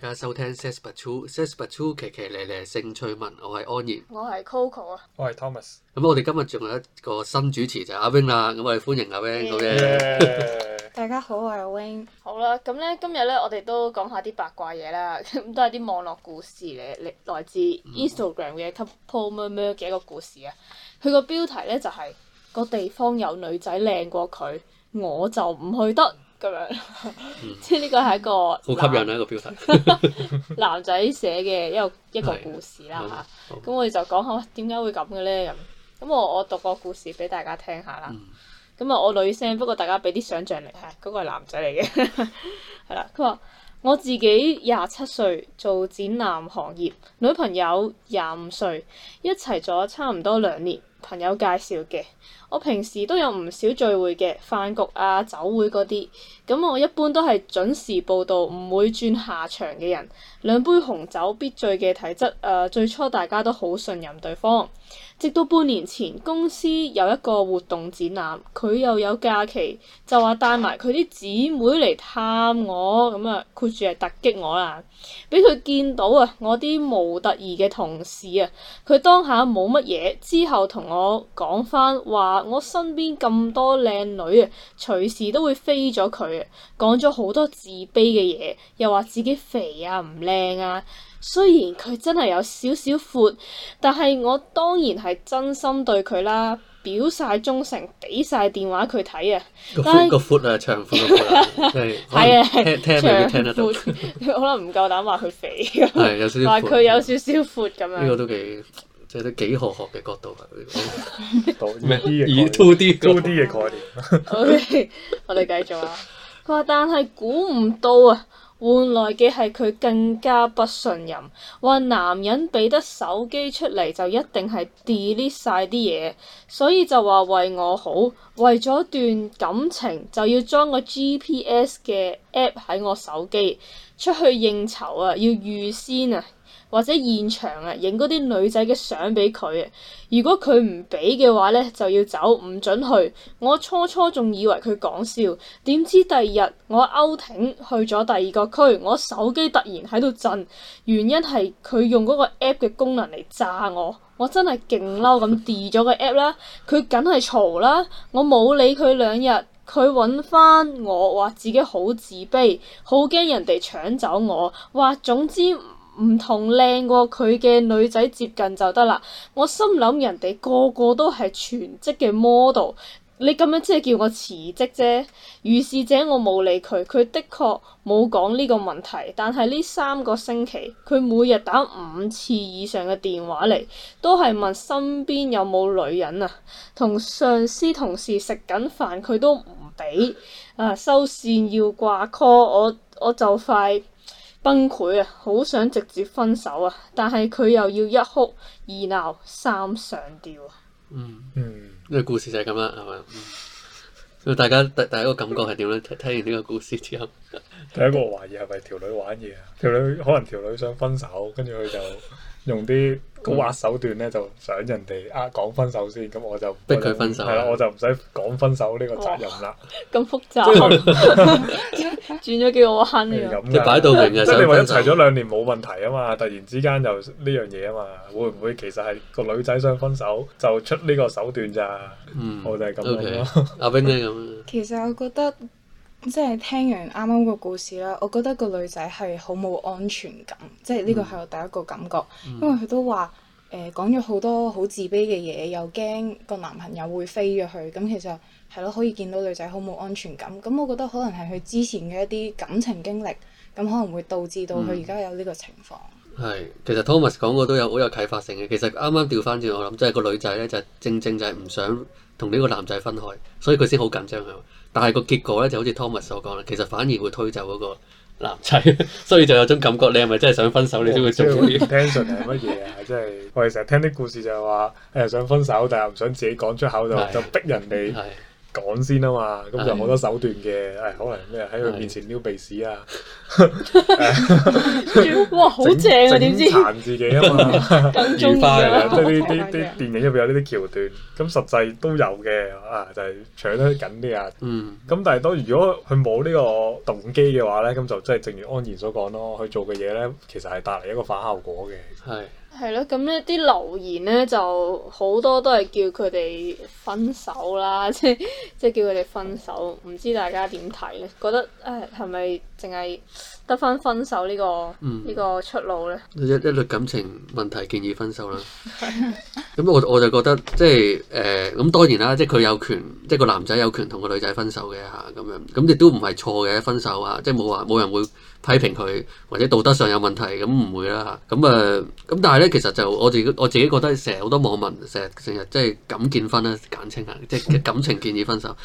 大家收聽 says but true，says but true 奇奇咧咧，性趣文，我係安然，我係 Coco 啊，我係 Thomas。咁我哋今日仲有一個新主持就係阿 wing 啦，咁我哋歡迎阿 wing Yeah.。 大家好，我係 wing。好啦，咁咧今日咧我哋都講下啲八卦嘢啦，咁都係啲網絡故事嚟，嚟來自 Instagram 嘅 couple 咩咩嘅一個故事啊。佢個標題咧就係個地方有女仔靚過佢，我就唔去得。咁樣，即係呢個係一個好吸引啊一個標題， 男仔寫嘅一個一個故事啦吓。咁我哋就講下點解會咁嘅咧咁。咁我我讀個故事俾大家聽下啦。咁啊 我女聲，不過大家俾啲想象力。吓、那個，嗰個係男仔嚟嘅係啦。佢話我自己廿七歲做展覽行業，女朋友廿五歲，一齊咗差唔多兩年。朋友介紹嘅，我平時都有唔少聚會嘅飯局啊、酒會嗰啲，咁我一般都係準時報到，唔會轉下場嘅人，兩杯紅酒必醉嘅體質誒、呃、最初大家都好信任對方，直到半年前公司有一個活動展覽，佢又有假期，就話帶埋佢啲姊妹嚟探我，咁啊括住係突擊我啦，俾佢見到啊我啲模特兒嘅同事啊，佢當下冇乜嘢，之後同。我講翻話，我身邊咁多靚女啊，隨時都會飛咗佢啊，講咗好多自卑嘅嘢，又話自己肥啊唔靚啊。雖然佢真係有少少闊，但係我當然係真心對佢啦，表晒忠誠，俾晒電話佢睇啊。個闊個闊啊，長闊都係，係啊係，聽都聽得到。可能唔夠膽話佢肥，話佢有少少闊咁樣。呢個都幾。即係都幾何學嘅角度啊，唔係咩 two two D 嘅 概念。好 ，okay，我哋繼續啊。佢話 但係估唔到啊，換來嘅係佢更加不信任。話男人俾得手機出嚟就一定係 delete 晒啲嘢，所以就話為我好，為咗段感情就要裝個 GPS 嘅 app 喺我手機，出去應酬啊，要預先啊。或者現場啊，影嗰啲女仔嘅相俾佢啊。如果佢唔畀嘅話咧，就要走，唔準去。我初初仲以為佢講笑，點知第二日我歐挺去咗第二個區，我手機突然喺度震，原因係佢用嗰個 app 嘅功能嚟炸我。我真係勁嬲咁 delete 咗個 app 啦。佢梗係嘈啦，我冇理佢兩日，佢揾翻我話自己好自卑，好驚人哋搶走我。話總之。唔同靚過佢嘅女仔接近就得啦。我心諗人哋個個都係全職嘅 model，你咁樣即係叫我辭職啫。於是者我冇理佢，佢的確冇講呢個問題。但係呢三個星期，佢每日打五次以上嘅電話嚟，都係問身邊有冇女人啊，同上司同事食緊飯佢都唔畀。啊，收線要掛 call，我我就快。崩潰啊，好想直接分手啊，但係佢又要一哭二鬧三上吊啊。嗯嗯，呢個故事就係咁啦，係咪？咁、嗯、大家第第一個感覺係點咧？睇睇完呢個故事之後，第一個懷疑係咪條女玩嘢啊？條女可能條女想分手，跟住佢就用啲蠱惑手段咧，就想人哋啊講分手先。咁我就逼佢分手，係啦，我就唔使講分手呢個責任啦。咁複雜。 轉咗幾個彎咁一擺到明嘅，即係你話一齊咗兩年冇問題啊嘛，突然之間就呢樣嘢啊嘛，會唔會其實係個女仔想分手就出呢個手段咋？嗯，我就係咁咯。阿冰姐咁。其實我覺得即係聽完啱啱個故事啦，我覺得個女仔係好冇安全感，即係呢個係我第一個感覺，嗯、因為佢都話誒講咗好多好自卑嘅嘢，又驚個男朋友會飛咗去，咁其實。係咯，可以見到女仔好冇安全感，咁我覺得可能係佢之前嘅一啲感情經歷，咁可能會導致到佢而家有呢個情況，嗯。係，其實 Thomas 講過都有好有啟發性嘅。其實啱啱調翻轉，我諗即係個女仔咧，就是，正正就係唔想同呢個男仔分開，所以佢先好緊張佢。但係個結果咧，就好似 Thomas 所講啦，其實反而會推走嗰個男仔， 所以就有種感覺，你係咪真係想分手，你先會做呢啲 attention 係乜嘢啊？真係， 就是，我哋成日聽啲故事就係話誒想分手，但係唔想自己講出口就就逼人哋。講先啊嘛，咁就好多手段嘅，誒的、哎，可能咩喺佢面前撩鼻屎啊， 整哇，好正啊，點知殘自己啊嘛，演翻、啊，即係呢啲啲電影入面有呢啲橋段，咁實際都有嘅，啊，就係、是、搶得緊啲啊，咁、嗯、但係都如果佢冇呢個動機嘅話咧，咁就即係正如安然所講咯，佢做嘅嘢咧，其實係帶嚟一個反效果嘅，係。係咯，咁呢啲留言咧就好多都係叫佢哋分手啦，即即叫佢哋分手。唔知大家點睇咧？覺得誒係咪淨係得翻分手呢個呢，嗯，個出路咧？一一律感情問題建議分手啦。咁 我我就覺得即係誒咁當然啦，即係佢有權，即係個男仔有權同個女仔分手嘅嚇咁樣，咁亦都唔係錯嘅分手啊，即係冇話冇人會。批評佢或者道德上有問題咁唔會啦嚇咁誒咁但係咧其實就我自己我自己覺得成日好多網民成日成日即係感見分啦簡稱啊即係感情建議分手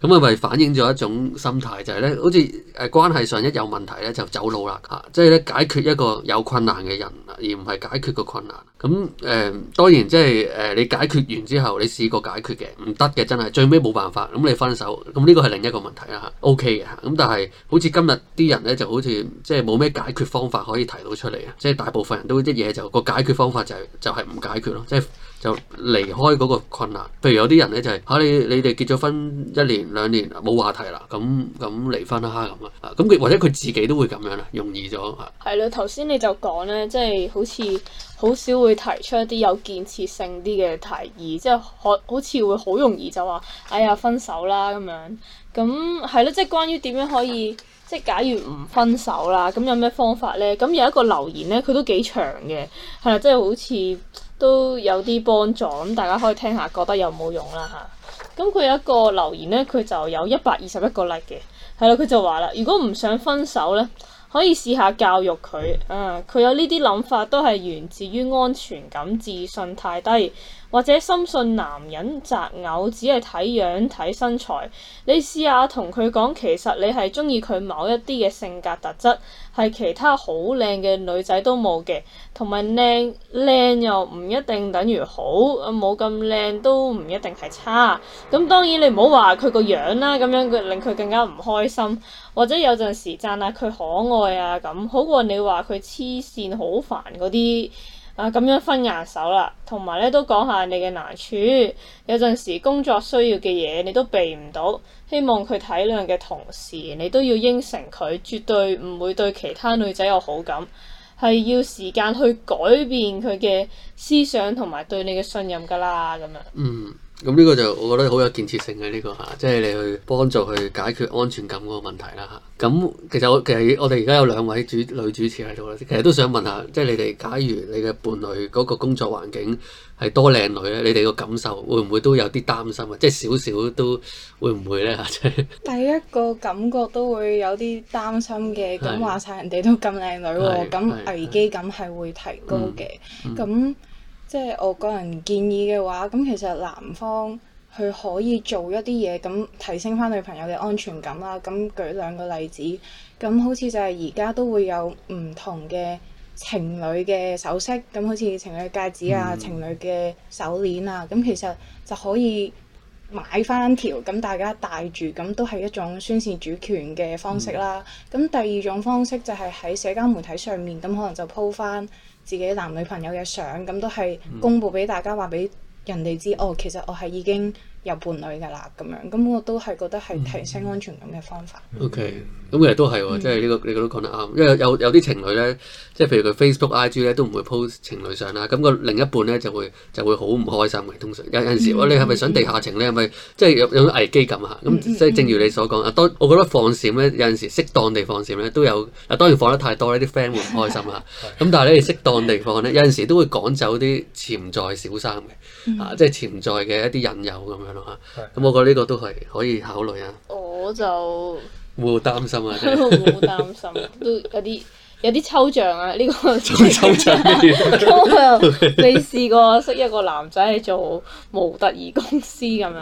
咁係咪反映咗一種心態就係、是、咧好似誒關係上一有問題咧就走佬啦嚇即係咧解決一個有困難嘅人而唔係解決個困難咁誒、啊、當然即係誒你解決完之後你試過解決嘅唔得嘅真係最尾冇辦法咁你分手咁呢個係另一個問題啦嚇、啊、OK 嘅、啊、咁但係好似今日啲人咧就好似即係冇咩解決方法可以提到出嚟啊！即係大部分人都一嘢，就個解決方法就係就係唔解決咯，即係就離開嗰個困難。譬如有啲人咧就係吓，你你哋結咗婚一年兩年冇話題啦，咁咁離婚啦咁啊！咁佢或者佢自己都會咁樣啊，容易咗係。係咯，頭先你就講咧，即係好似好少會提出一啲有建設性啲嘅提議，即係可好似會好容易就話哎呀分手啦咁樣。咁係咯，即係關於點樣可以？即係假如唔分手啦，咁有咩方法呢？咁有一個留言咧，佢都幾長嘅，係啦，即係好似都有啲幫助，咁大家可以聽下，覺得有冇用啦吓，咁佢有一個留言咧，佢就有一百二十一個 like 嘅，係啦，佢就話啦，如果唔想分手咧，可以試下教育佢，啊、嗯，佢有呢啲諗法都係源自於安全感、自信太低。或者深信男人擇偶只係睇樣睇身材，你試下同佢講，其實你係中意佢某一啲嘅性格特質，係其他好靚嘅女仔都冇嘅。同埋靚靚又唔一定等於好，冇咁靚都唔一定係差。咁當然你唔好話佢個樣啦，咁樣令佢更加唔開心。或者有陣時讚下佢可愛啊，咁好過你話佢黐線好煩嗰啲。啊，咁樣分顏手啦，同埋咧都講下你嘅難處。有陣時工作需要嘅嘢，你都避唔到。希望佢體諒嘅同時，你都要應承佢，絕對唔會對其他女仔有好感。係要時間去改變佢嘅思想同埋對你嘅信任㗎啦，咁樣。嗯。咁呢個就我覺得好有建設性嘅呢個嚇，即係你去幫助去解決安全感嗰個問題啦嚇。咁其實我其實我哋而家有兩位主女主持喺度啦，其實都想問下，即係你哋假如你嘅伴侶嗰個工作環境係多靚女咧，你哋個感受會唔會都有啲擔心啊？即係少少都會唔會咧嚇？ 第一個感覺都會有啲擔心嘅，咁話晒人哋都咁靚女喎，咁危機感係會提高嘅，咁。即係我個人建議嘅話，咁其實男方佢可以做一啲嘢，咁提升翻女朋友嘅安全感啦。咁舉兩個例子，咁好似就係而家都會有唔同嘅情侶嘅首飾，咁好似情侶戒指啊、嗯、情侶嘅手鏈啊，咁其實就可以。買翻條，咁大家帶住，咁都係一種宣示主權嘅方式啦。咁、嗯、第二種方式就係喺社交媒體上面，咁可能就鋪翻自己男女朋友嘅相，咁都係公佈俾大家，話俾人哋知、嗯、哦，其實我係已經。有伴侶嘅啦，咁樣咁我都係覺得係提升安全感嘅方法。O K。咁其實都係喎、哦，嗯、即係呢、呢個你講、呢個、得啱，因為有有啲情侶呢，即係譬如佢 Facebook I G 咧都唔會 post 情侶相啦，咁、個另一半呢，就會就會好唔開心嘅。通常有陣時，你係咪想地下情呢？係咪即係有有危機感嚇？咁即係正如你所講，當我覺得放閃呢，有陣時適當地放閃呢，都有，啊當然放得太多呢啲 friend 會唔開心嚇。咁 但係你適當地放呢，有陣時都會趕走啲潛在小三嘅，即係、嗯啊就係、潛在嘅一啲引誘咁樣。咁我覺得呢個都係可以考慮啊。我就會擔心啊，會擔心，都 有啲有啲抽象啊。呢、這個抽象啲，未 試過識一個男仔做模特兒公司咁樣，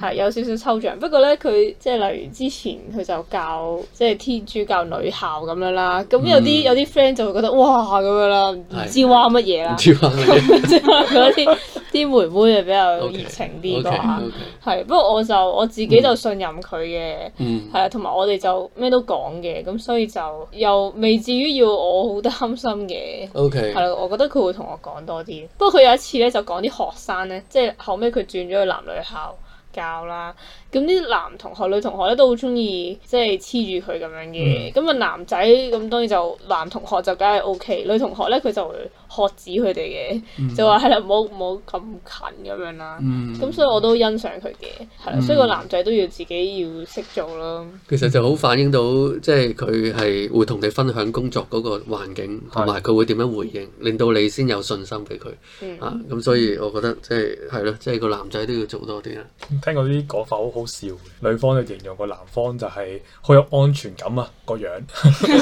係、嗯、有少少抽象。不過呢，佢即係例如之前佢就教即係、就是、天主教女校咁樣啦。咁有啲、嗯、有啲 friend 就會覺得哇咁樣啦，唔知話乜嘢啦，啲的。啲妹妹就比較熱情啲啩，係、okay. Okay . okay. 不過我就我自己就信任佢嘅，係啊、mm.，同埋我哋就咩都講嘅，咁所以就又未至於要我好擔心嘅，係咯 Okay.，我覺得佢會同我講多啲。不過佢有一次咧就講啲學生咧，即係後尾佢轉咗去男女校教啦。咁啲男同學、女同學咧都好中意即係黐住佢咁樣嘅，咁啊、嗯、男仔咁當然就男同學就梗係 OK，女同學咧佢就會喝止佢哋嘅，嗯、就話係啦，唔好咁近咁樣啦。咁、嗯、所以我都欣賞佢嘅，係啦，所以個男仔都要自己要識做咯。其實就好反映到即係佢係會同你分享工作嗰個環境同埋佢會點樣回應，令到你先有信心俾佢、嗯、啊。咁所以我覺得即係係咯，即、就、係、是就是、個男仔都要做多啲啦。聽過啲講法好好。好笑，女方就形容個男方就係好有安全感啊個樣，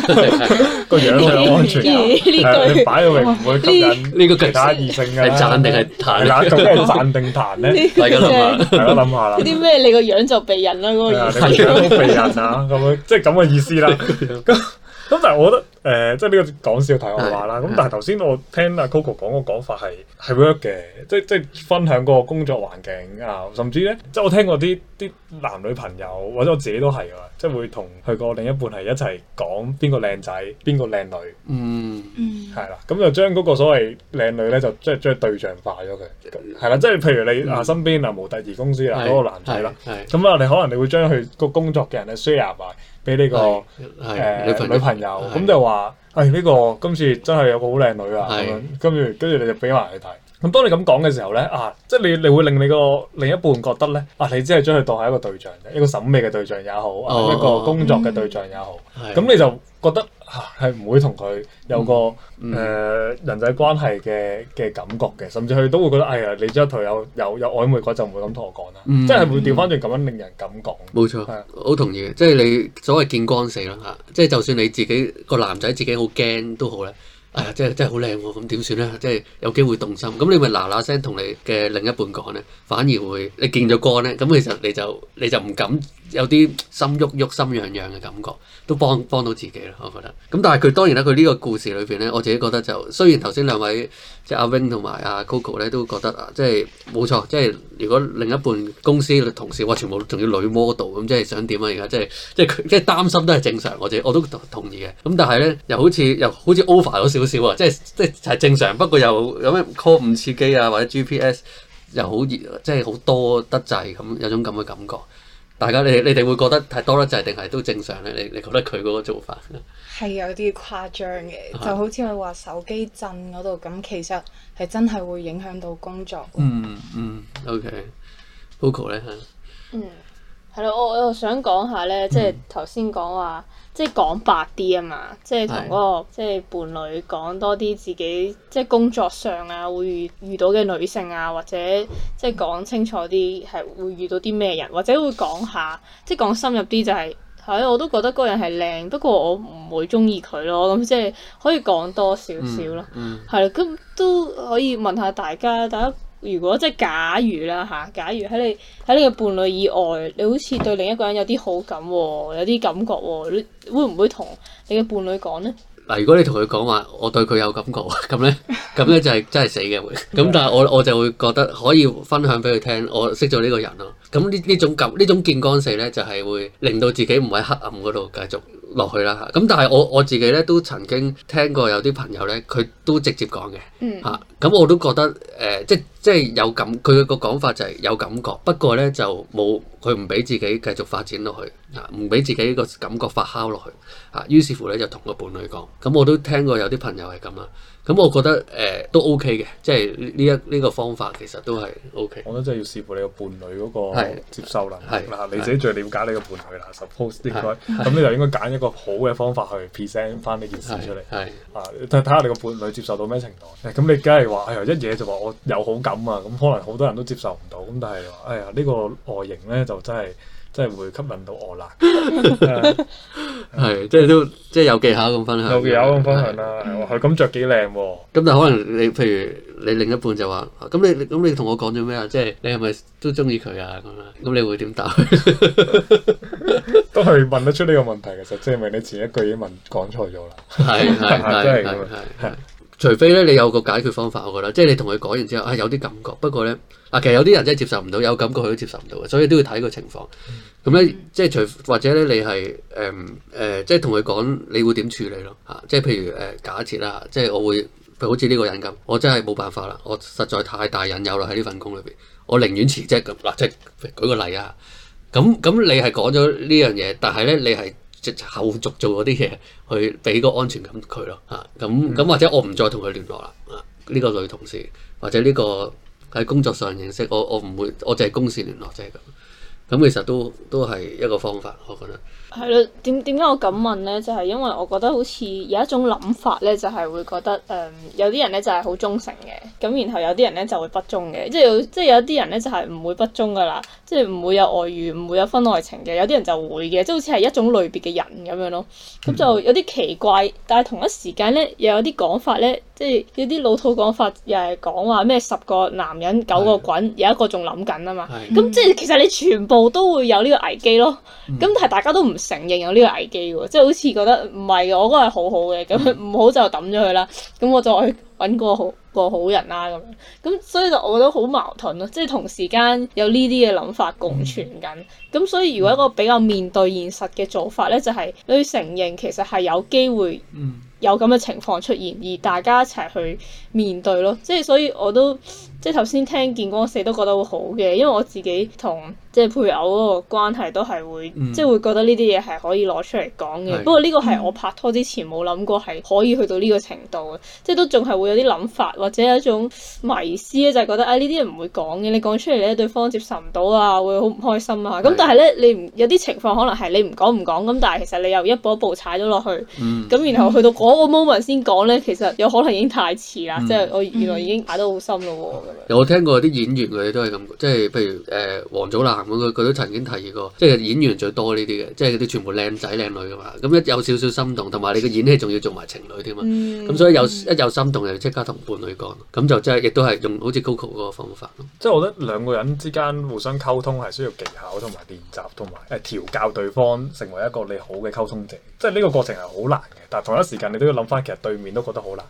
個樣好 有安全感。這個，你擺到嚟，唔會吸引呢個其他異性嘅，係讚定係彈？咁讚定彈咧？大家諗下， 大家諗下。啲咩？ 你樣避，那個 你樣就避孕啦，個樣。你個樣都避孕啊？咁樣即係咁嘅意思啦、啊。 咁但係我覺得誒，即係呢個講笑題外話啦。咁但係頭先我聽阿 Coco 講個講法係係 work 嘅，即係即係分享嗰個工作環境啊，甚至咧，即係我聽過啲啲男女朋友或者我自己都係啊，即係會同佢個另一半係一齊講邊個靚仔邊個靚女。嗯嗯，係啦，咁就將嗰個所謂靚女咧，就即係將對象化咗佢。係啦，即係譬如你啊身邊啊模特兒公司啊嗰個男仔啦，咁啊你可能你會將佢個工作嘅人咧 share 埋。俾呢、這個誒、呃、女朋友，咁是就話，誒呢是、哎這個今次真係有個好靚女啊！咁是樣，跟住跟住你就俾埋佢睇。咁當你咁講嘅時候咧，啊，即係你你會令你個另一半覺得咧，啊，你只係將佢當係一個對象，一個審美嘅對象也好，啊、哦，哦嗯、一個工作嘅對象也好，咁、嗯嗯、你就覺得嚇係唔會同佢有個誒、嗯嗯呃、人際關係嘅嘅感覺嘅，甚至佢都會覺得，哎呀，你將佢有有有曖昧就唔會咁同我講啦，真係、嗯嗯、會調翻轉咁樣令人咁講。冇、嗯、錯，好是同意即係你所謂見光死啦嚇，即係就算你自己個男仔自己好驚都好咧。哎呀，真係真係好靚喎！咁點算咧？即係有機會動心，咁你咪嗱嗱聲同你嘅另一半講咧，反而會你見咗光呢。咁其實你就你就唔敢有啲心喐喐、心癢癢嘅感覺，都幫幫到自己咯。我覺得。咁但係佢當然啦，佢呢個故事裏邊呢，我自己覺得就雖然頭先兩位。即係阿 Wing 同埋阿 Coco 咧，都覺得啊，即係冇錯，即係如果另一半公司同事，哇，全部仲要女 model 咁、啊，即係想點啊？而家即係即係佢即係擔心都係正常，我哋我都同意嘅。咁但係咧，又好似又好似 over 咗少少啊！即係即係係正常，不過又有咩 call 五次機啊？或者 GPS 又好熱，即係好多得滯咁，有種咁嘅感覺。大家你你哋會覺得太多得滯定係都正常咧？你你覺得佢嗰個做法係有啲誇張嘅，就好似你話手機震嗰度咁，的其實係真係會影響到工作。嗯嗯，OK，Poco 咧，係，嗯。Okay. 係咯，我我又想講下咧，即係頭先講話，即係講白啲啊嘛，即係同嗰個即係伴侶講多啲自己，即係工作上啊會遇到嘅女性啊，或者即係講清楚啲，係會遇到啲咩人，或者會講下，即係講深入啲就係、係，係我都覺得嗰人係靚，不過我唔會中意佢咯，咁即係可以講多少少咯，係啦，咁、嗯嗯、都可以問下大家，大家。如果即係假如啦嚇，假如喺你喺你嘅伴侶以外，你好似對另一個人有啲好感喎、哦，有啲感覺喎、哦，你會唔會同你嘅伴侶講呢？嗱，如果你同佢講話，我對佢有感覺，咁呢，咁呢就係真係死嘅會。咁但係我我就會覺得可以分享俾佢聽，我識咗呢個人咯。咁呢呢種感呢種見光死呢，就係會令到自己唔喺黑暗嗰度繼續。落去啦，咁但係我我自己咧都曾經聽過有啲朋友咧，佢都直接講嘅，嚇咁、嗯啊、我都覺得誒、呃，即即係有感，佢嘅個講法就係有感覺，不過咧就冇佢唔俾自己繼續發展落去，唔、啊、俾自己個感覺發酵落去，啊，於是乎咧就同個伴侶講，咁、啊、我都聽過有啲朋友係咁啦。咁、嗯、我覺得誒、呃、都 OK 嘅，即係呢一呢個方法其實都係 OK。我覺得真係要視乎你個伴侶嗰個接受能力。係嗱，你自己最了解你個伴侶啦，suppose 應該咁，你就應該揀一個好嘅方法去 present 翻呢件事出嚟。係啊，睇下你個伴侶接受到咩程度。咁、哎、你梗係話，哎呀一嘢就話我有好感啊，咁可能好多人都接受唔到。咁但係話，哎呀呢、這個外形咧就真係。真係會吸引到我啦，係即係都即係有技巧咁分享，有技巧咁分享啦。哇，佢咁着幾靚喎！咁但可能你譬如你另一半就話：咁你咁你同我講咗咩啊？即係你係咪都中意佢啊？咁樣咁你會點答？都係問得出呢個問題嘅，即係咪你前一句已經問講錯咗啦。係係係係。除非咧你有個解決方法，我覺得即係你同佢講完之後，啊、哎、有啲感覺。不過咧，嗱其實有啲人真係接受唔到，有感覺佢都接受唔到嘅，所以都要睇個情況。咁、嗯、咧、嗯嗯、即係除或者咧你係誒誒，即係同佢講你會點處理咯嚇、啊？即係譬如誒、呃、假設啦，即係我會譬如好似呢個人咁，我真係冇辦法啦，我實在太大引誘啦喺呢份工裏邊，我寧願辭職咁嗱。即係舉個例啊，咁、嗯、咁、嗯嗯、你係講咗呢樣嘢，但係咧你係。後續做嗰啲嘢，去俾個安全感佢咯嚇。咁、啊、咁或者我唔再同佢聯絡啦。呢、呢個女同事或者呢個喺工作上認識我，我唔會，我淨係公事聯絡啫。咁咁其實都都係一個方法，我覺得。係咯，點點解我咁問咧？就係、是、因為我覺得好似有一種諗法咧，就係會覺得誒、嗯，有啲人咧就係好忠誠嘅，咁然後有啲人咧就會不忠嘅，即係即係有啲、就是、人咧就係唔會不忠噶啦，即係唔會有外遇，唔會有婚外情嘅，有啲人就會嘅，即、就、係、是、好似係一種類別嘅人咁樣咯。咁、嗯、就有啲奇怪，但係同一時間咧又有啲講法咧，即、就、係、是、有啲老土講法，又係講話咩十個男人九個滾，的有一個仲諗緊啊嘛。咁即係其實你全部都會有呢個危機咯。咁、嗯、但係大家都唔。承認有呢個危機喎，即係好似覺得唔係我覺得係好好嘅。咁唔好就抌咗佢啦，咁我就去揾個好個好人啦、啊、咁樣，咁所以就我覺得好矛盾咯，即係同時間有呢啲嘅諗法共存緊，咁、嗯、所以如果一個比較面對現實嘅做法咧，就係、是、你承認其實係有機會有咁嘅情況出現，而大家一齊去面對咯，即係所以我都即係頭先聽見光四都覺得好好嘅，因為我自己同。即係配偶嗰個關係都係會，即係會覺得呢啲嘢係可以攞出嚟講嘅。嗯、不過呢個係我拍拖之前冇諗過係可以去到呢個程度嘅，即係都仲係會有啲諗法或者有一種迷思咧，就係、是、覺得啊呢啲人唔會講嘅，你講出嚟咧對方接受唔到啊，會好唔開心啊。咁是但係咧你唔有啲情況可能係你唔講唔講，咁，但係其實你又一步一步踩咗落去，咁、嗯、然後去到嗰個 moment 先講咧，其實有可能已經太遲啦。嗯嗯、即係我原來已經踩得好深咯喎。有聽過啲演員佢都係咁，即係譬如誒黃祖藍。佢都曾經提議過，即係演員最多呢啲嘅，即係嗰啲全部靚仔靚女啊嘛。咁一有少少心動，同埋你嘅演戲仲要做埋情侶添嘛，咁、嗯、所以有一有心動就即刻同伴侶講，咁就即係亦都係用好似 Coco 嗰個方法咯。即係我覺得兩個人之間互相溝通係需要技巧同埋練習，同埋誒調教對方成為一個你好嘅溝通者。即係呢個過程係好難嘅，但係同一時間你都要諗翻，其實對面都覺得好難。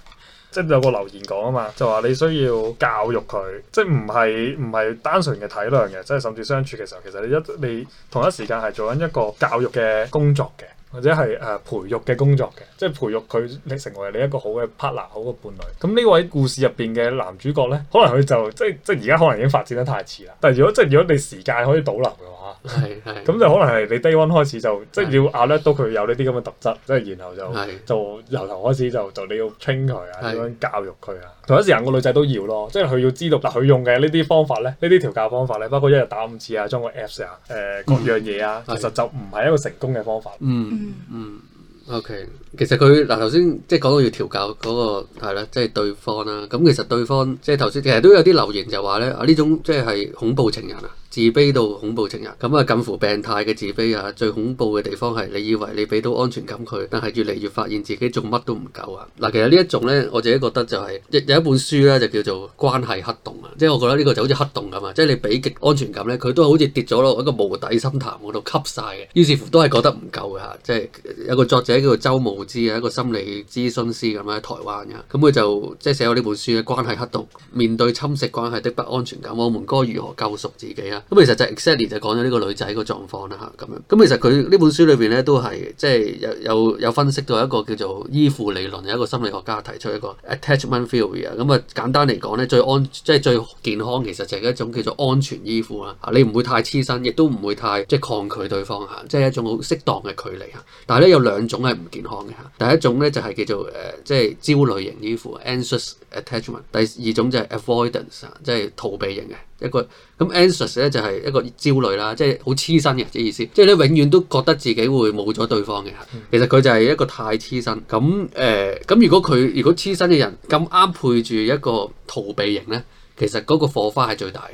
即係有個留言講啊嘛，就話你需要教育佢，即係唔係唔係單純嘅體諒嘅，即係甚至相處嘅時候，其實你一你同一時間係做緊一個教育嘅工作嘅。或者係誒培育嘅工作嘅，即係培育佢你成為你一個好嘅 partner，好嘅伴侶。咁呢位故事入邊嘅男主角咧，可能佢就即係即係而家可能已經發展得太遲啦。但係如果即係如果你時間可以倒流嘅話，係咁是、 嗯、就可能係你 day one 開始就是即係要 alert 到佢有呢啲咁嘅特質，即係然後就是就由頭開始就就你要 train 佢啊，點樣是教育佢啊。同一時間個女仔都要咯，即係佢要知道嗱，佢用嘅呢啲方法咧，呢啲調教方法咧，包括一日打五次啊，裝個 app 啊，誒、呃、各樣嘢啊、嗯，其實就唔係一個成功嘅方法。嗯。 嗯，OK，其實佢嗱頭先即係講到要調教嗰、嗰個係啦，即係、即係、對方啦。咁其實對方即係頭先其實都有啲留言就話咧啊，呢種即係恐怖情人啊。自卑到恐怖情人咁啊，近乎病態嘅自卑啊！最恐怖嘅地方係，你以為你俾到安全感佢，但係越嚟越發現自己做乜都唔夠啊！嗱，其實呢一種呢，我自己覺得就係有有一本書呢，就叫做《關係黑洞》啊！即係我覺得呢個就好似黑洞咁啊！即係你俾極安全感呢，佢都好似跌咗落一個無底深潭嗰度吸晒嘅，於是乎都係覺得唔夠嘅嚇！即係有個作者叫做周慕之啊，一個心理諮詢師咁啦，喺台灣嘅，咁佢就即係寫咗呢本書咧，《關係黑洞：面對侵蝕關係的不安全感，我們該如何救贖自己啊》。咁其實就 exactly 就講咗呢個女仔個狀況啦嚇咁樣。咁其實佢呢本書裏邊咧都係即係有有有分析到一個叫做依附理論，有一個心理學家提出一個 attachment theory 咁啊，簡單嚟講咧，最安即係最健康其實就係一種叫做安全依附啦。你唔會太黐身，亦都唔會太即係抗拒對方嚇，即係一種好適當嘅距離嚇。但係咧有兩種係唔健康嘅嚇。第一種咧就係叫做誒即係焦慮型依附 （anxious attachment）。第二種就係 avoidance，即係逃避型嘅。一個咁 Anxious 咧就係、是、一個焦慮啦，即係好黐身嘅，即意思，即係你永遠都覺得自己會冇咗對方嘅。其實佢就係一個太黐身。咁誒咁，如果佢如果黐身嘅人咁啱配住一個逃避型咧，其實嗰個火花係最大嘅。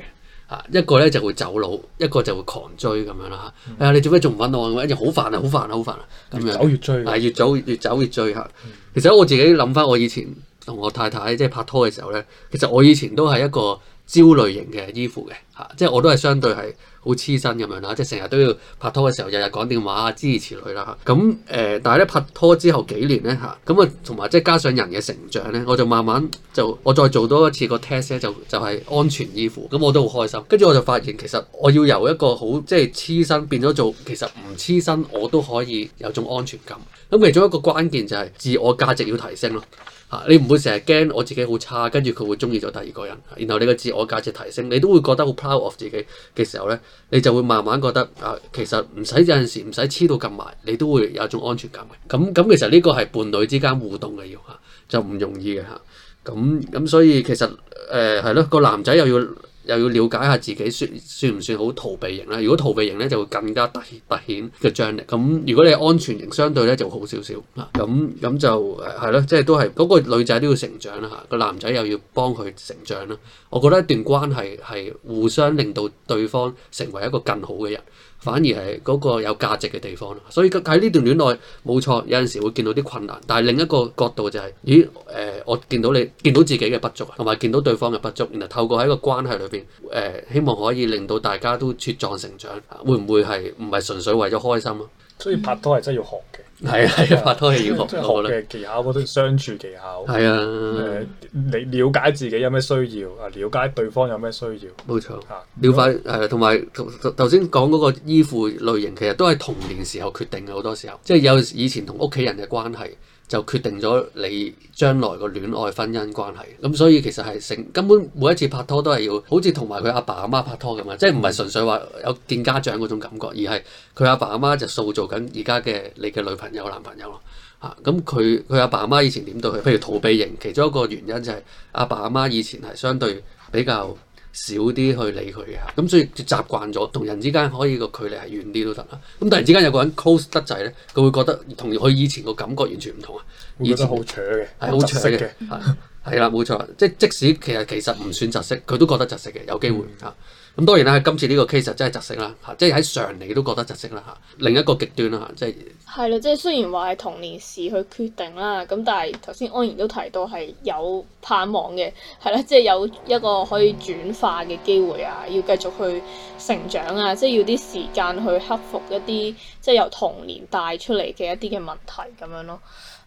啊，一個咧就會走佬，一個就會狂追咁樣啦。嚇、嗯，啊、哎，你做咩仲唔揾我？咁樣好煩啊，好煩啊，好煩啊。咁、啊、樣越走越追，係越走越走越追嚇。其實我自己諗翻諗返我以前同我太太即係拍拖嘅時候咧，其實我以前都係一個。焦慮型嘅依附嘅，嚇、啊，即係我都係相對係好黐身咁樣啦、啊，即係成日都要拍拖嘅時候，日日講電話知知啊，支持佢啦，嚇。咁誒，但係咧拍拖之後幾年咧，嚇，咁啊，同埋即係加上人嘅成長咧，我就慢慢就我再做多一次個 test 咧，就就是、係安全依附。咁我都好開心。跟住我就發現，其實我要由一個好即係黐身變咗做，其實唔黐身，我都可以有種安全感。咁其中一個關鍵就係自我價值要提升咯。啊嚇，你唔會成日驚我自己好差，跟住佢會中意咗第二個人，然後你個自我價值提升，你都會覺得好 proud of 自己嘅時候咧，你就會慢慢覺得啊，其實唔使有陣時唔使黐到咁埋，你都會有一種安全感嘅。咁、啊、咁、啊、其實呢個係伴侶之間互動嘅要嚇，就唔容易嘅嚇。咁、啊、咁、啊、所以其實誒係咯，個、呃啊、男仔又要。又要了解下自己算算唔算好逃避型啦。如果逃避型咧，就會更加突顯突顯嘅張力。咁如果你安全型，相對咧就好少少。咁咁就係咯，即係都係嗰個女仔都要成長啦，個男仔又要幫佢成長啦。我覺得一段關係係互相令到對方成為一個更好嘅人。反而係嗰個有價值嘅地方咯，所以喺呢段戀愛冇錯，有陣時會見到啲困難，但係另一個角度就係、是，咦誒、呃，我見到你見到自己嘅不足，同埋見到對方嘅不足，然後透過喺個關係裏邊誒，希望可以令到大家都茁壯成長，會唔會係唔係純粹為咗開心啊？所以拍拖係真係要學嘅。係啊，啊拍拖係要學嘅 技巧，好多相處技巧。係啊，你、呃、了解自己有咩需要，啊了解對方有咩需要。冇錯錯，嗯、了解誒，同埋頭先講嗰個依附類型，其實都係童年時候決定嘅，好多時候，即係有以前同屋企人嘅關係。就決定咗你將來個戀愛婚姻關係，咁所以其實係成根本每一次拍拖都係要好似同埋佢阿爸阿媽拍拖咁啊，即係唔係純粹話有見家長嗰種感覺，而係佢阿爸阿媽就塑造緊而家嘅你嘅女朋友男朋友咯嚇。咁佢佢阿爸阿媽以前點對佢，譬如逃避型，其中一個原因就係阿爸阿媽以前係相對比較。少啲去理佢嘅，咁所以就習慣咗，同人之間可以個距離係遠啲都得啦。咁突然之間有個人 close 得滯呢，佢會覺得同佢以前個感覺完全唔同啊。以前好扯嘅，係好扯嘅，係啦對，冇 錯，即即使其實其實唔算窒息，佢都覺得窒息嘅，有機會嚇。嗯。咁當然啦，今次呢個 case 就真係窒息啦，嚇！即係喺常理都覺得窒息啦，嚇。另一個極端啦，嚇，即係。係啦，即係雖然話係童年時去決定啦，咁但係頭先安然都提到係有盼望嘅，係啦，即係有一個可以轉化嘅機會啊，要繼續去成長啊，即係要啲時間去克服一啲即係由童年帶出嚟嘅一啲嘅問題咁樣咯。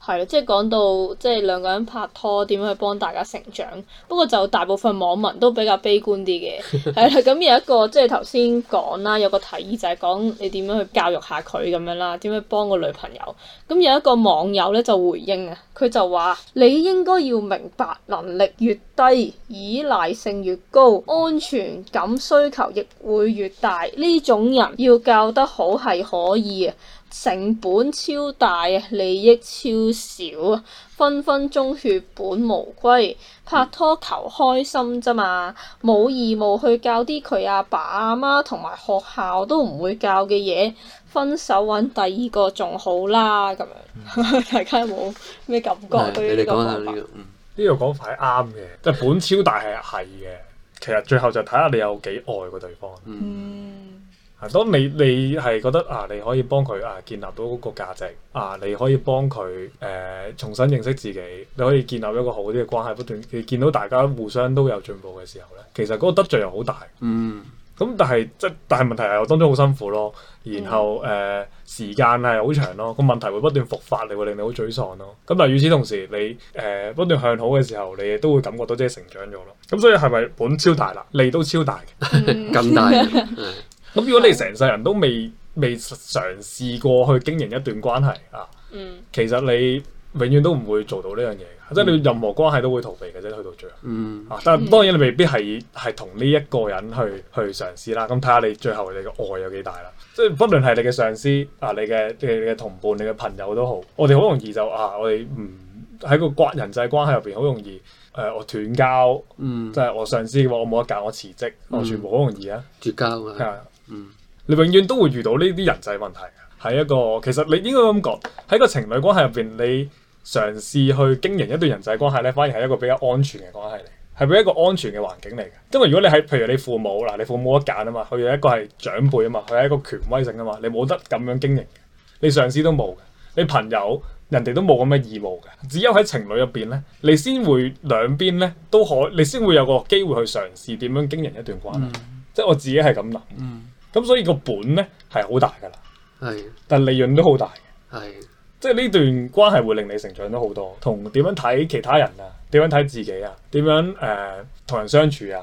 係啊，即係講到即係兩個人拍拖點樣去幫大家成長，不過就大部分網民都比較悲觀啲嘅，係啦。 咁有一個即係頭先講啦，有個提議就係講你點樣去教育下佢咁樣啦，點樣幫個女朋友。咁有一個網友咧就回應啊，佢就話 你應該要明白能力越低，依賴性越高，安全感需求亦會越大。呢種人要教得好係可以。成本超大啊，利益超少啊，分分鐘血本無歸。拍拖求開心啫嘛，冇義務去教啲佢阿爸阿媽同埋學校都唔會教嘅嘢。分手揾第二個仲好啦，咁樣、嗯、 大家有冇咩感覺對於、嗯。你哋講下呢、這個，呢、嗯、個講法係啱嘅，本超大係係嘅。其實最後就睇下你有幾愛過對方。嗯啊！當你你係覺得啊，你可以幫佢啊建立到嗰個價值啊，你可以幫佢誒、呃、重新認識自己，你可以建立一個好啲嘅關係，不斷見到大家互相都有進步嘅時候咧，其實嗰個得著又好大。嗯。咁但係即係但係問題係當中好辛苦咯，然後誒、呃、時間係好長咯，個問題會不斷復發，你會令你好沮喪咯。咁但係與此同時，你誒、呃、不斷向好嘅時候，你都會感覺到即係成長咗咯。咁所以係咪本超大啦？利都超大嘅，咁大。嗯 咁如果你成世人都未未嘗試過去經營一段關係啊，其實你永遠都唔會做到呢樣嘢，即係你任何關係都會逃避嘅啫，去到最後。但係當然你未必係係同呢一個人去去嘗試啦。咁睇下，你最後你嘅愛有幾大啦。即係不論係你嘅上司啊、你嘅嘅同伴，你嘅朋友都好，我哋好容易就啊，我哋唔喺個刮人際關係入邊好容易誒，我斷交，即係我上司嘅話我冇得教我辭職，我全部好容易啊，絕交啊。嗯，你永遠都會遇到呢啲人際問題，係一個其實你應該咁講，喺個情侶關係入邊，你嘗試去經營一段人際關係咧，反而係一個比較安全嘅關係嚟，係一個安全嘅環境嚟嘅。因為如果你喺譬如你父母嗱，你父母得揀啊嘛，佢有一個係長輩啊嘛，佢係一個權威性啊嘛，你冇得咁樣經營嘅，你上司都冇嘅，你朋友，人哋都冇咁嘅義務嘅，只有喺情侶入邊咧，你先會兩邊咧都可，你先會有個機會去嘗試點樣經營一段關係，嗯、即係我自己係咁諗。嗯咁所以個本呢係好大㗎喇，係，是的 但係利潤都好大，係，是的 即係呢段關係會令你成長咗好多，同點樣睇其他人啊，點樣睇自己啊，點樣誒同、呃、人相處啊，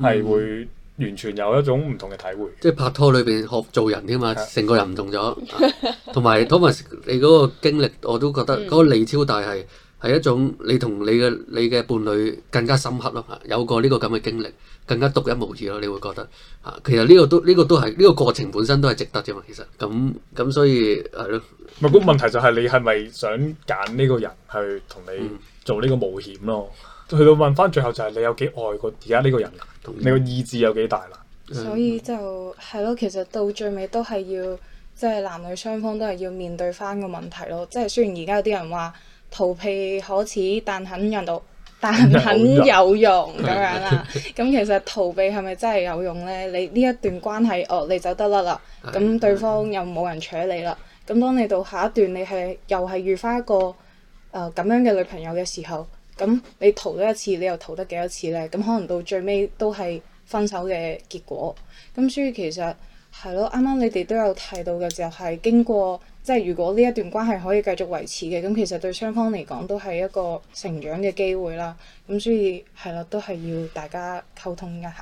係會完全有一種唔同嘅體會，嗯、即係拍拖裏邊學做人添嘛，成是的 個人唔同咗，同埋 Thomas 你嗰個經歷我都覺得嗰個利超大係。係一種你同你嘅你嘅伴侶更加深刻咯嚇，有過呢個咁嘅經歷，更加獨一無二咯。你會覺得嚇，其實呢個都呢個都係呢個過程本身都係值得啫嘛。其實咁咁，所以係咯。唔係，問題就係你係咪想揀呢個人去同你做呢個冒險咯？嗯，去到問翻最後就係你有幾愛過而家呢個人啦，意你個意志有幾大啦。所以就係咯，其實到最尾都係要即係男女雙方都係要面對翻個問題咯。即係雖然而家有啲人話。逃避可恥，但很人道，但很有用咁樣啦，啊。咁 其實逃避係咪真係有用呢？你呢一段關係，哦，你走得甩啦，咁 對方又冇人扯你啦。咁當你到下一段你，你係又係遇翻一個誒咁、呃、樣嘅女朋友嘅時候，咁你逃咗一次，你又逃得幾多次呢？咁可能到最尾都係分手嘅結果。咁所以其實係咯，啱啱你哋都有提到嘅就係經過。即係如果呢一段關係可以繼續維持嘅，咁其實對雙方嚟講都係一個成長嘅機會啦。咁所以係啦，都係要大家溝通一下。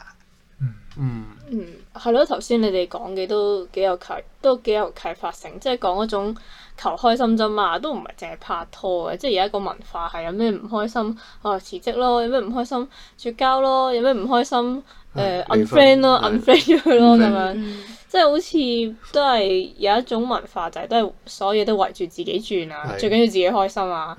嗯嗯嗯，係、嗯、咯，頭先、嗯、你哋講嘅都幾有啟，都幾有啟發性。即係講嗰種求開心啫嘛，都唔係淨係拍拖啊。即係而家個文化係有咩唔開心啊辭職咯，有咩唔開心絕交咯，有咩唔開心誒 unfriend 咯，unfriend 咗佢咯咁樣。即係好似都係有一種文化，就係都係所有嘢都圍住自己轉啊，是的 最緊要自己開心啊。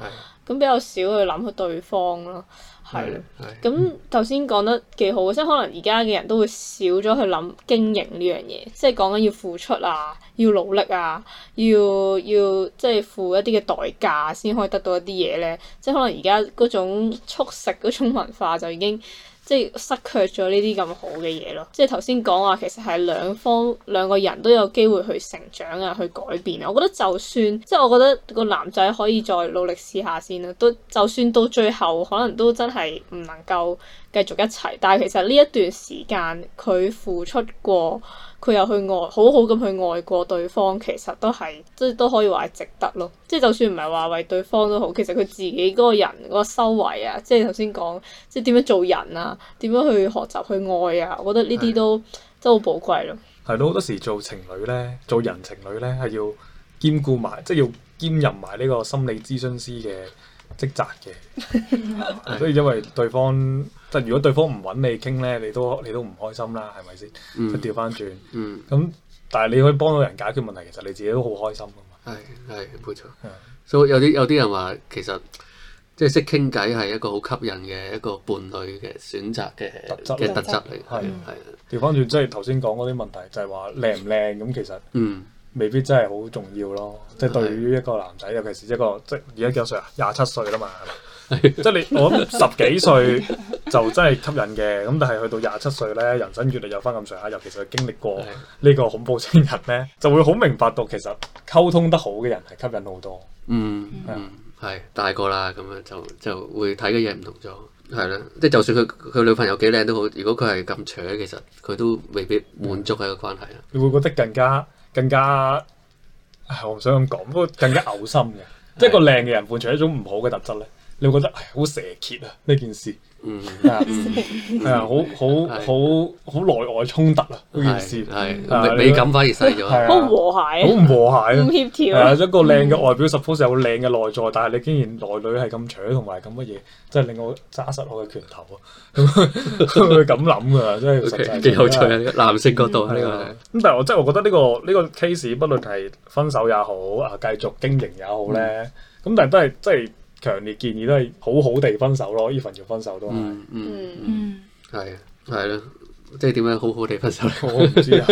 咁是的 比較少去諗去對方咯，啊，係。咁頭先講得幾好，即係可能而家嘅人都會少咗去諗經營呢樣嘢，即係講緊要付出啊，要努力啊，要要即係付一啲嘅代價先可以得到一啲嘢咧。即係可能而家嗰種速食嗰種文化就已經。即係失卻咗呢啲咁好嘅嘢咯，即係頭先講話，其實係兩方，兩個人都有機會去成長啊，去改變啊。我覺得就算，即係我覺得個男仔可以再努力試下先啦，都就算到最後，可能都真係唔能夠。繼續一齊，但係其實呢一段時間，佢付出過，佢又去愛，好好咁去愛過對方，其實都係即係都可以話係值得咯。即係就算唔係話為對方都好，其實佢自己嗰個人嗰個修為啊，即係頭先講，即係點樣做人啊，點樣去學習去愛啊，我覺得呢啲都真係好寶貴咯。係咯，好多時做情侶咧，做人情侶咧係要兼顧埋，即係要兼任埋呢個心理諮詢師嘅職責嘅，所以 因為對方。 即係如果對方唔揾你傾咧，你都你都唔開心啦，係咪先？咁調翻轉，咁、嗯、但係你可以幫到人解決問題，其實你自己都好開心噶嘛。係，係冇錯，所以是、so, 有啲有啲人話，其實即係識傾偈係一個好吸引嘅一個伴侶嘅選擇嘅特質嘅特質嚟，係係是。調翻轉即係頭先講嗰啲問題，就係話靚唔靚咁，其實嗯未必真係好重要咯。即係、嗯、對於一個男仔，尤其是一個即而家幾多歲啊？廿七歲啦嘛。即係你，我諗十幾歲就真係吸引嘅，咁但係去到廿七歲咧，人生越嚟有翻咁上下，尤其是佢經歷過呢個恐怖情人咧，就會好明白到其實溝通得好嘅人係吸引好多。嗯，係大個啦，咁樣就就會睇嘅嘢唔同咗，係啦，即係就算佢佢女朋友幾靚都好，如果佢係咁扯，其實佢都未必滿足喺個關係啦。你會覺得更加更加，唉，我唔想咁講，不過更加嘔心嘅，即係個靚嘅人伴隨一種唔好嘅特質咧。你會覺得好蛇蠍啊，呢件事嗯，係啊，好好好好內外衝突啊！呢件事係你你感反而細咗，好和諧，好唔和諧，唔協調係一個靚嘅外表，suppose 有靚嘅內在，但係你竟然內裏係咁搶同埋咁乜嘢，真係令我揸實我嘅拳頭啊！咁佢咁諗㗎，真係實在幾有趣啊！男性角度呢個咁，但係我真係我覺得呢個呢個 case，不論係分手也好啊，繼續經營也好咧，咁但係都係即係。強烈建議都係好好地分手咯，依份要分手都係，嗯，嗯嗯，係啊，係咯。即係點樣好好地分手？我唔知啊！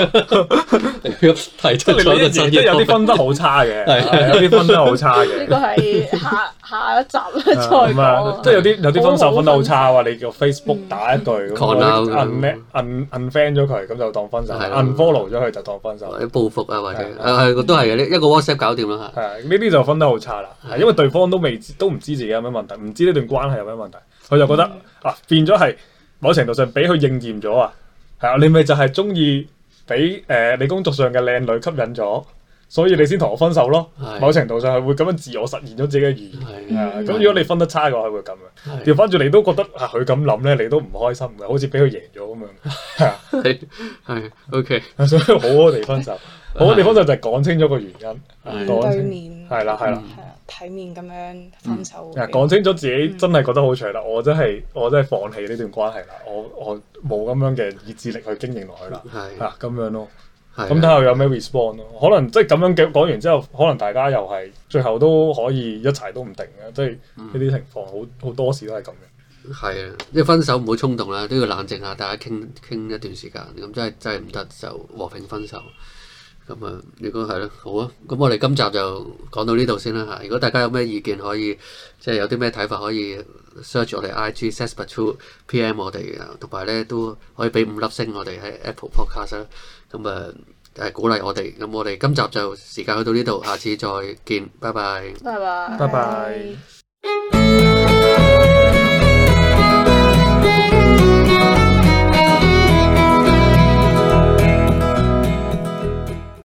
提出嚟啲字，即係有啲分得好差嘅，有啲分得好差嘅。呢個係下下一集啦，再講。即係有啲有啲分手分得好差，話你叫 Facebook 打一句咁樣，unfriend 咗佢，咁就當分手；unfollow 咗佢就當分手。啲報復啊，或者誒，都係一一個 WhatsApp 搞掂啦，係呢啲就分得好差啦，因為對方都未都唔知自己有咩問題，唔知呢段關係有咩問題，佢就覺得啊，變咗係某程度上俾佢應驗咗啊！係啊，呃，你咪就係中意俾誒你工作上嘅靚女吸引咗。所以你先同我分手咯，某程度上係會咁樣自我實現咗自己嘅預言。咁如果你分得差嘅話，係會咁嘅。調翻轉你都覺得啊，佢咁諗咧，你都唔開心嘅，好似俾佢贏咗咁樣。係 OK，所以好好地分手，好好地分手就係講清楚個原因，講係啦係啦，體面咁樣分手。講清楚自己真係覺得好除啦，我真係我真係放棄呢段關係啦，我我冇咁樣嘅意志力去經營落去啦。係啊，咁樣咯。咁睇下有咩 respond 咯，可能即係咁樣講完之後，可能大家又係最後都可以一齊都唔定嘅，即係呢啲情況好好、嗯、多時都係咁嘅。係啊，即係分手唔好衝動啦，都要冷靜下，大家傾傾一段時間，咁、嗯、真係真係唔得就和平分手。咁、嗯、啊、嗯，如果係咯，好啊，咁我哋今集就講到呢度先啦吓。如果大家有咩意見可以，即、就、係、是、有啲咩睇法可以 search 我哋 IG Sespatool、嗯、PM 我哋啊，同埋咧都可以俾五粒星我哋喺 Apple Podcast 啦。咁啊，誒、嗯呃、鼓勵我哋，咁、嗯、我哋今集就時間去到呢度，下次再見， 拜拜，拜拜，拜拜。